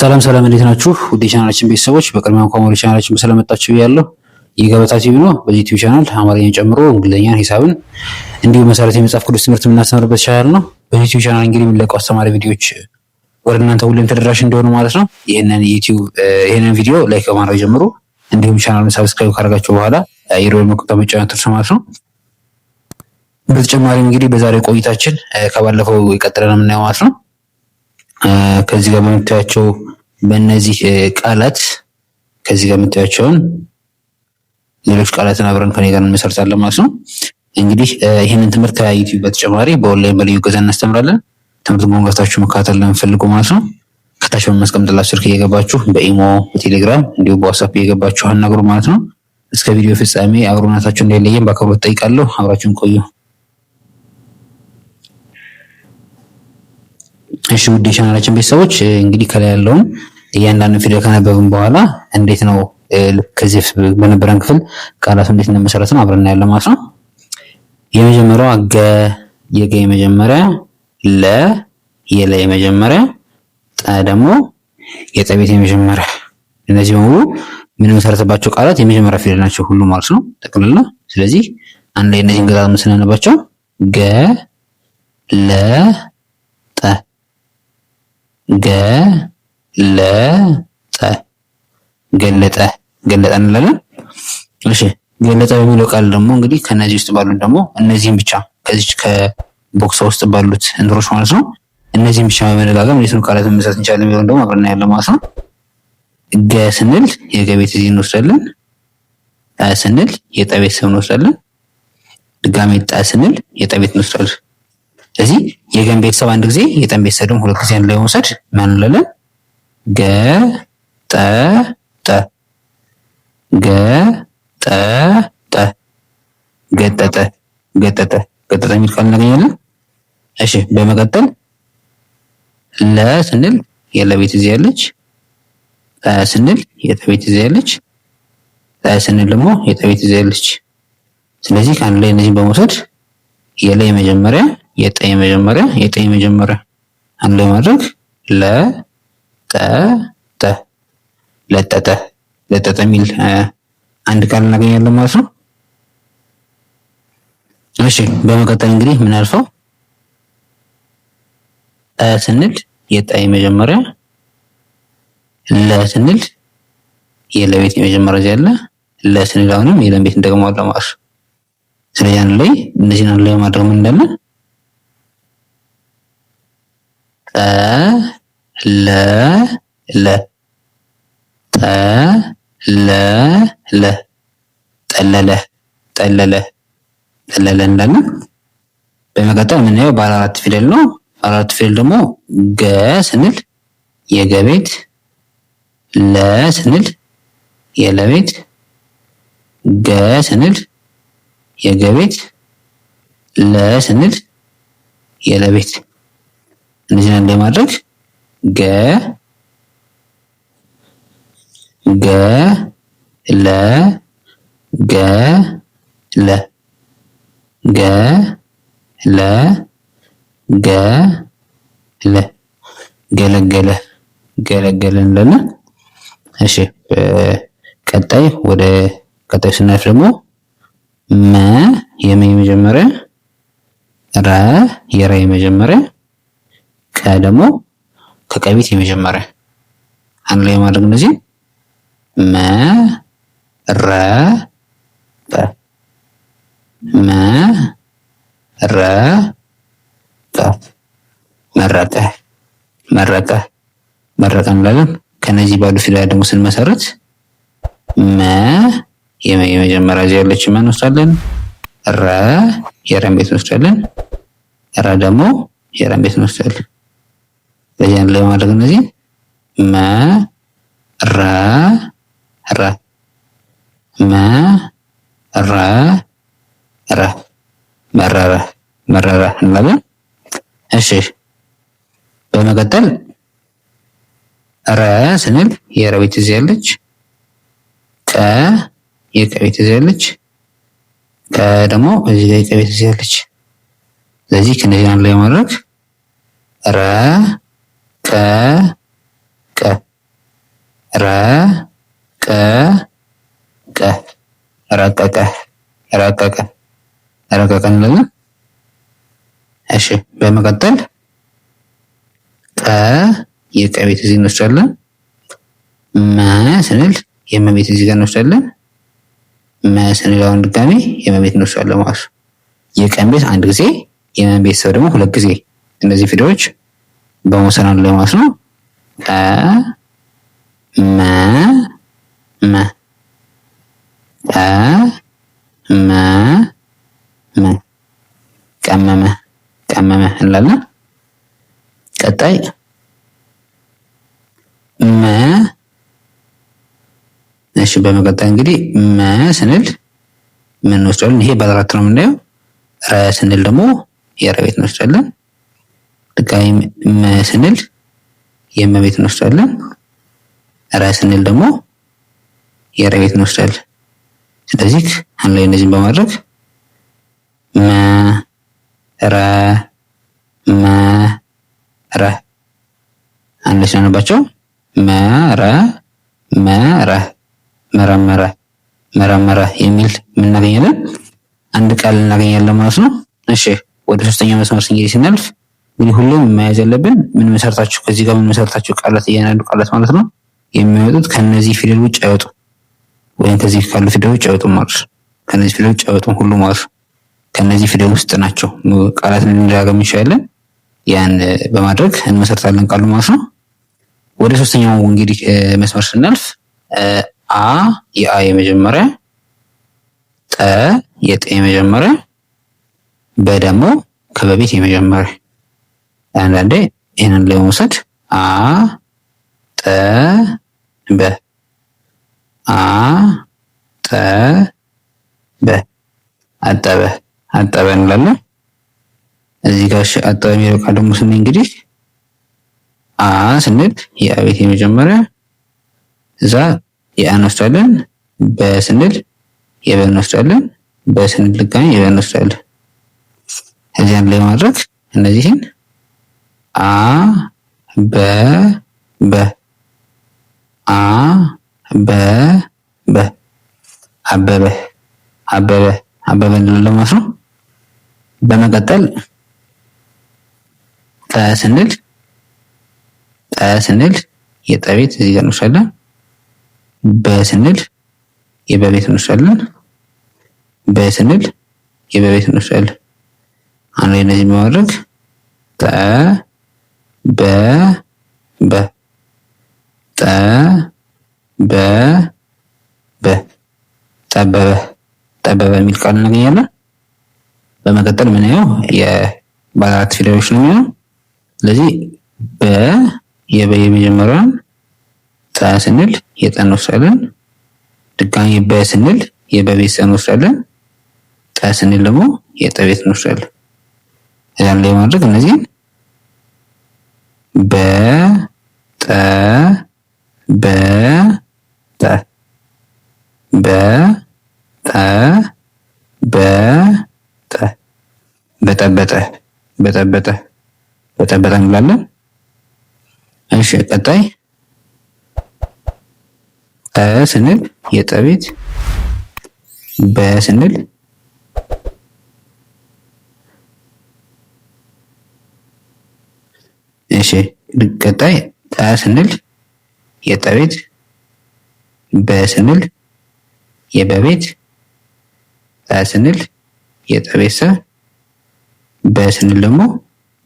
ሰላም ሰላም፣ እንዴት ናችሁ? ውድ የቻናላችን ቤተሰቦች በቅድሚያ እንኳን ወደ ቻናላችን ስለመጣችሁ ያለው የገበታ ቲቪ ነው። በዚህ ቲቪ ቻናል አማርኛን ጨምሮ እንግሊዝኛን፣ ሂሳብን እንዲሁም መሰረት የመጽሐፍ ቅዱስ ትምህርት የምናስተምርበት ቻናል ነው። በዚህ ቲቪ ቻናል እንግዲህ የሚለቀው አስተማሪ ቪዲዮዎች ወደ እናንተ ሁሌም ተደራሽ እንዲሆኑ ማለት ነው። ይህንን ዩቲዩብ ይህንን ቪዲዮ ላይክ በማድረግ ጀምሩ። እንዲሁም ቻናሉን ሰብስክራይብ ካደረጋችሁ በኋላ የደወል መቁጠር መጫን አትርሱ ማለት ነው። በተጨማሪም እንግዲህ በዛሬው ቆይታችን ከባለፈው የቀጠለ ነው የምናየው ማለት ነው። ከዚህ ጋር በምታያቸው በእነዚህ ቃላት ከዚህ ጋር የምታያቸውን ሌሎች ቃላትን አብረን ከኔ ጋር እንመሰርታለን ማለት ነው። እንግዲህ ይህንን ትምህርት ከያዩት በተጨማሪ በኦንላይን በልዩ ገዛ እናስተምራለን። ትምህርት ገብታችሁ መካተል ለምፈልጉ ማለት ነው። ከታች በማስቀምጥላችሁ ስልክ እየገባችሁ በኢሞ በቴሌግራም እንዲሁም በዋትስአፕ እየገባችሁ አናግሩ ማለት ነው። እስከ ቪዲዮ ፍጻሜ አብሮናታችሁ እንዳይለየን በአክብሮት ጠይቃለሁ። አብራችሁን ቆዩ። እሺ ውድ የቻናላችን ቤተሰቦች እንግዲህ ከላይ ያለውን እያንዳንዱ ፊደል ከነበብን በኋላ እንዴት ነው ከዚህ በነበረን ክፍል ቃላቱ እንዴት እንደመሰረት ነው አብረና ያለ ማለት ነው። የመጀመሪያው ገ የገ የመጀመሪያ ለ የለ የመጀመሪያ ጠ ደግሞ የጠቤት የመጀመሪያ እነዚህ በሙሉ የምንመሰረትባቸው ቃላት የመጀመሪያ ፊደል ናቸው ሁሉ ማለት ነው ጠቅልላ። ስለዚህ አንድ ላይ እነዚህን ገዛት ስናነባቸው ገ ለ ጠ ገ ለጠ ገለጠ ገለጠ እንላለን። እሺ ገለጠ በሚለው ቃል ደግሞ እንግዲህ ከነዚህ ውስጥ ባሉት ደግሞ እነዚህም ብቻ ከዚች ከቦክሳ ውስጥ ባሉት እንትኖች ማለት ነው እነዚህም ብቻ በመደጋገም እንዴት ነው ቃላት መመስረት እንችላለን የሚለውን ደግሞ አብረን እናያለን ማለት ነው። ገ ስንል የገ ቤተሰብ እንወስዳለን። ጠ ስንል የጠ ቤተሰብ እንወስዳለን። ጠ ስንል የጠ ቤት እንወስዳለን። ስለዚህ የገን ቤተሰብ አንድ ጊዜ የጠን ቤተሰብ ደግሞ ሁለት ጊዜ አንድ ላይ መውሰድ ማን እንላለን ገጠጠ ገጠጠ ገጠጠ ገጠጠ ገጠጠ የሚል ቃል እናገኛለን። እሺ በመቀጠል ለ ስንል የለቤት እዚህ ያለች፣ ጠ ስንል የጠቤት እዚህ ያለች፣ ጠ ስንል ደግሞ የጠቤት እዚህ ያለች። ስለዚህ ከአንድ ላይ እነዚህን በመውሰድ የለ የመጀመሪያ፣ የጠ የመጀመሪያ፣ የጠ የመጀመሪያ አንድ ላይ ማድረግ ለ ጠጠ ለጠጠ ለጠጠ የሚል አንድ ቃል እናገኛለን ማለት ነው። እሺ በመቀጠል እንግዲህ የምናልፈው ጠ ስንል የጠ የመጀመሪያ ለ ስንል የለቤት የመጀመሪያ ያለ ለ ስንል አሁንም የለም ቤት ማለት ነው። ስለዚህ አንድ ላይ እነዚህን አንድ ላይ ማድረግ ምን እንዳለን ለ ለ ጠ ለ ለ ጠለለ ጠለለ ጠለለ እንዳለ በመቀጠል የምናየው ባለ አራት ፊደል ነው። ባለ አራት ፊደል ደግሞ ገ ስንል የገቤት ለ ስንል የለቤት ገ ስንል የገቤት ለ ስንል የለቤት እነዚህን እንደማድረግ ገ ገ ለ ገ ለ ገ ለ ገ ለ ገለገለ ገለገለ እንላለን። እሺ ቀጣይ ወደ ቀጣይ ስናልፍ ደግሞ መ የመ የመጀመሪያ ረ የረ የመጀመሪያ ቀ ደግሞ ከቀቢት የመጀመሪያ አንድ ላይ ማድረግ እነዚህ መ መ ረ በ ረ በ መረጠ መረጠ መረጠ እንላለን። ከነዚህ ባሉ ፊደላት ደግሞ ስንመሰረት መ የመጀመሪያ እዚያ ያለች መ እንወስዳለን። ረ የረን ቤት እንወስዳለን። ረ ደግሞ የረን ቤት እንወስዳለን። በዚያን ለማድረግ እነዚህ መ ረ ረ መ ረ ረ መረረ መረረ እንላለን። እሺ በመቀጠል ረ ስንል የረ ቤት እዚህ ያለች፣ ቀ የቀ ቤት እዚህ ያለች፣ ከ ደግሞ እዚህ ጋር የቀ ቤት እዚህ ያለች። ስለዚህ ከነዚህ አንድ ላይ ማድረግ ረ ቀ ቀ ረ ቀ ቀ ረቀቀ ረቀቀ ረቀቀ እንላለን። እሺ በመቀጠል ቀ የቀ ቤት እዚህ እንወስዳለን። መ ስንል የመቤት እዚህ ጋር እንወስዳለን። መ ስንል አሁን ድጋሜ የመቤት እንወስዳለን ማለት ነው። የቀን ቤት አንድ ጊዜ፣ የመን ቤተሰብ ደግሞ ሁለት ጊዜ። እነዚህ ፊደሎች በመውሰድ አንድ ላይ ማለት ነው። መ መ መ መ ቀመመ ቀመመ እንላለን። ቀጣይ መ እሺ፣ በመቀጠል እንግዲህ መ ስንል ምን እንወስዳለን? ይሄ ባለ አራት ነው የምናየው። ረ ስንል ደግሞ የረ እንወስዳለን። ጥቃይ ስንል የመቤት እንወስዳለን። ረ ስንል ደግሞ የረቤት እንወስዳለን። ስለዚህ አንድ ላይ እነዚህን በማድረግ መ ረ መ ረ አንድ ላይ ስናነባቸው መረ መረ መረመረ መረመረ የሚል እናገኛለን። አንድ ቃል እናገኛለን ማለት ነው። እሺ ወደ ሶስተኛው መስመር ስንሄድ ስናልፍ እንግዲህ ሁሌም መያዝ ያለብን ምን መሰረታቸው ከዚህ ጋር ምን መሰረታቸው ቃላት እያንዳንዱ ቃላት ማለት ነው የሚወጡት ከነዚህ ፊደል ውጭ አይወጡም፣ ወይም ከዚህ ካሉ ፊደል ውጭ አይወጡም ማለት ነው። ከነዚህ ፊደል ውጭ አይወጡም ሁሉ ማለት ነው። ከነዚህ ፊደል ውስጥ ናቸው ቃላትን ልንደጋገም እንችላለን። ያን በማድረግ እንመሰርታለን ቃሉ ማለት ነው። ወደ ሶስተኛው እንግዲህ መስመር ስናልፍ አ የአ የመጀመሪያ ጠ የጠ የመጀመሪያ በ ከበቤት የመጀመሪያ አንዳንዴ ይህንን ላይ መውሰድ አ ጠ በ አ ጠ በ አጠበ አጠበ እንላለን። እዚህ ጋር አጠበ የሚለው ቃል ደግሞ ስናይ እንግዲህ አ ስንል የአቤት የመጀመሪያ እዛ የአን ወስዳለን። በስንል የበን በስንል ድጋሚ የበን ወስዳለን። እዚያን ላይ ማድረግ እነዚህን አ በ በ አ በ በ አበበ አበበ አበበ እንላለን ማለት ነው። በመቀጠል ጠ ስንል ጠ ስንል የጠቤት እዚህ ጋር እንወስዳለን። በ የበቤት እንወስዳለን። በ የበቤት እንወስዳለን። አንድ ላይ እነዚህ በማድረግ ጠ በ በ ጠ በ በ ጠበበ ጠበበ የሚል ቃል እናገኛለን። በመቀጠል ምናየው የባለ አራት ፊደሎች ነው የሚሆነው። ስለዚህ በ የበ የመጀመሪያውን ጠ ስንል የጠን እንወስዳለን። ድጋሚ በ ስንል የበ እንወስዳለን። ጠ ስንል ደግሞ የጠቤት ቤት እንወስዳለን። እዛም ላይ ማድረግ እነዚህን በ ጠ በ ጠ በ ጠ በ ጠ በጠበጠ በጠበጠ በጠበጠ እንላለን። እሺ ቀጣይ ጠ ስንል የጠቤት በ ስንል? እሺ ቀጣይ ጠ ስንል የጠ ቤት በ ስንል የበቤት ጠ ስንል የጠ ቤተሰ በ ደግሞ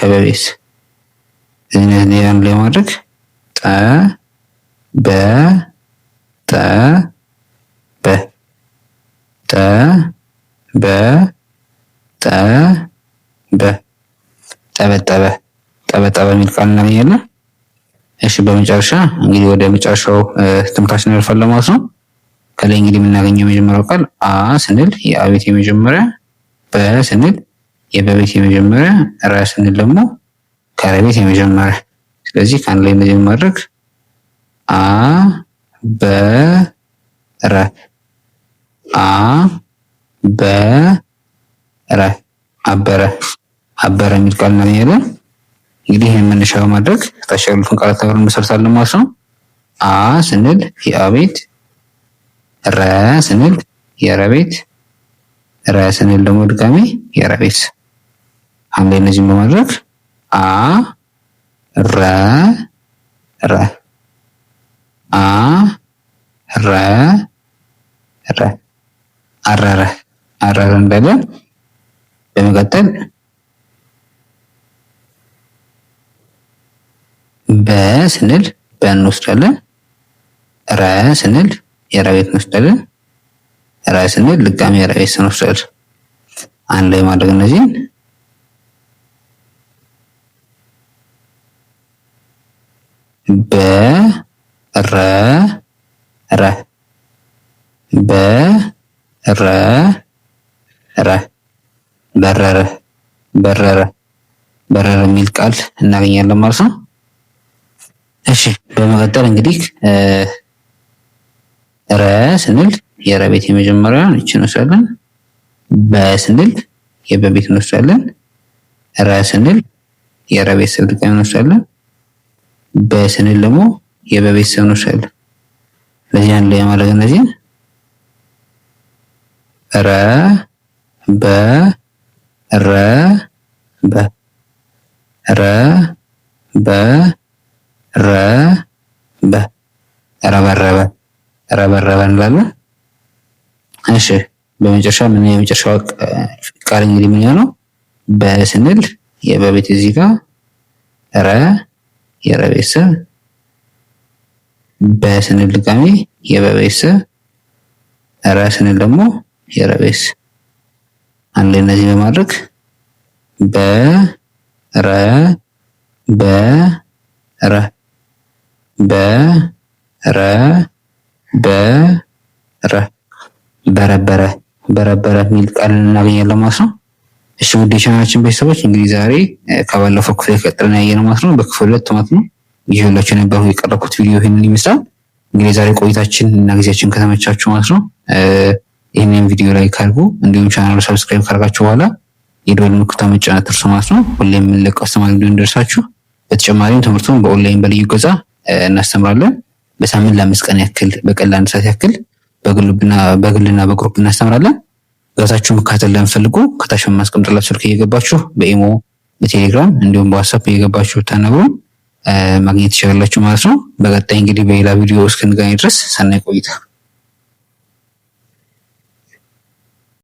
ከበቤት እነዚህ ያን ለማድረግ ጠ በ ጠ በ ጠ በ ጠ በ ጠበጠበ ጠበጣ በሚል ቃል እናገኛለን። እሺ በመጨረሻ እንግዲህ ወደ መጨረሻው ትምህርታችን እናልፋለን ማለት ነው። ከላይ እንግዲህ የምናገኘው የመጀመሪያው ቃል አ ስንል የአቤት የመጀመሪያ፣ በ ስንል የበቤት የመጀመሪያ፣ ረ ስንል ደግሞ ከረቤት የመጀመሪያ። ስለዚህ ከአንድ ላይ እንደዚህ ማድረግ አ በ ረ አ በ ረ አበረ አበረ የሚል ቃል እናገኛለን። እንግዲህ ይህን መነሻ በማድረግ ታች ያሉትን ቃላት አብረን እንመሰርታለን ማለት ነው። አ ስንል የአቤት፣ ረ ስንል የረቤት፣ ረ ስንል ደግሞ ድጋሜ የረቤት። አንዴ እነዚህን በማድረግ አ ረ ረ አ ረ ረ አረረ አረረ እንዳለ በመቀጠል በ ስንል በን እንወስዳለን። ረ ስንል የረቤት እንወስዳለን። ረ ስንል ልጋሚ የረቤት ስንወስዳለን። አንድ ላይ ማድረግ እነዚህን በረረ በረረ በረረ በረረ በረረ የሚል ቃል እናገኛለን ማለት ነው። እሺ በመቀጠል እንግዲህ ረ ስንል የረ ቤት የመጀመሪያ እቺ እንወስዳለን። በስንል የበቤት እንወስዳለን። ረ ስንል የረ ቤተሰብ ድጋሚ እንወስዳለን። በ ስንል ደግሞ የበቤተሰብ እንወስዳለን። ስለዚህ አንድ ላይ ማድረግ እነዚህን ረ በ ረ በ ረ በ ረበ ረበረበ ረበረበ እንላለን። እሺ በመጨረሻ ምን የመጨረሻው ቃል እንግዲህ ምን ነው? በስንል የበቤት እዚህ ጋር ረ የረቤተሰብ በስንል ድጋሜ የበቤተሰብ ረ ስንል ደግሞ የረቤስ አንድ እነዚህ በማድረግ በረ በረ በረበረ በረበረ በረበረ የሚል ቃል እናገኛለን ማለት ነው። እሺ ውድ የቻናላችን ቤተሰቦች እንግዲህ ዛሬ ከባለፈው ክፍል የቀጠልን ያየነው ማለት ነው በክፍል ሁለት ማለት ነው። ይዤላችሁ የነበሩ የቀረብኩት ቪዲዮ ይህንን ይመስላል። እንግዲህ ዛሬ ቆይታችን እና ጊዜያችን ከተመቻችሁ ማለት ነው ይህንን ቪዲዮ ላይ ካልጉ እንዲሁም ቻናሉ ሰብስክራይብ ካርጋችሁ በኋላ የደወል ምልክቱን መጫን አትርሱ ማለት ነው። ሁሌም የምንለቀው አስተማሪ ቪዲዮ እንደርሳችሁ። በተጨማሪም ትምህርቱን በኦንላይን በልዩ ገዛ እናስተምራለን። በሳምንት ለአምስት ቀን ያክል በቀን ለአንድ ሰዓት ያክል በግልና በግሩፕ እናስተምራለን። ገብታችሁ መካተል ለምፈልጉ ከታች በማስቀምጥላችሁ ስልክ እየገባችሁ በኢሞ በቴሌግራም እንዲሁም በዋትሳፕ እየገባችሁ ተነግሩ ማግኘት ይችላላችሁ ማለት ነው። በቀጣይ እንግዲህ በሌላ ቪዲዮ እስክንገናኝ ድረስ ሰናይ ቆይታ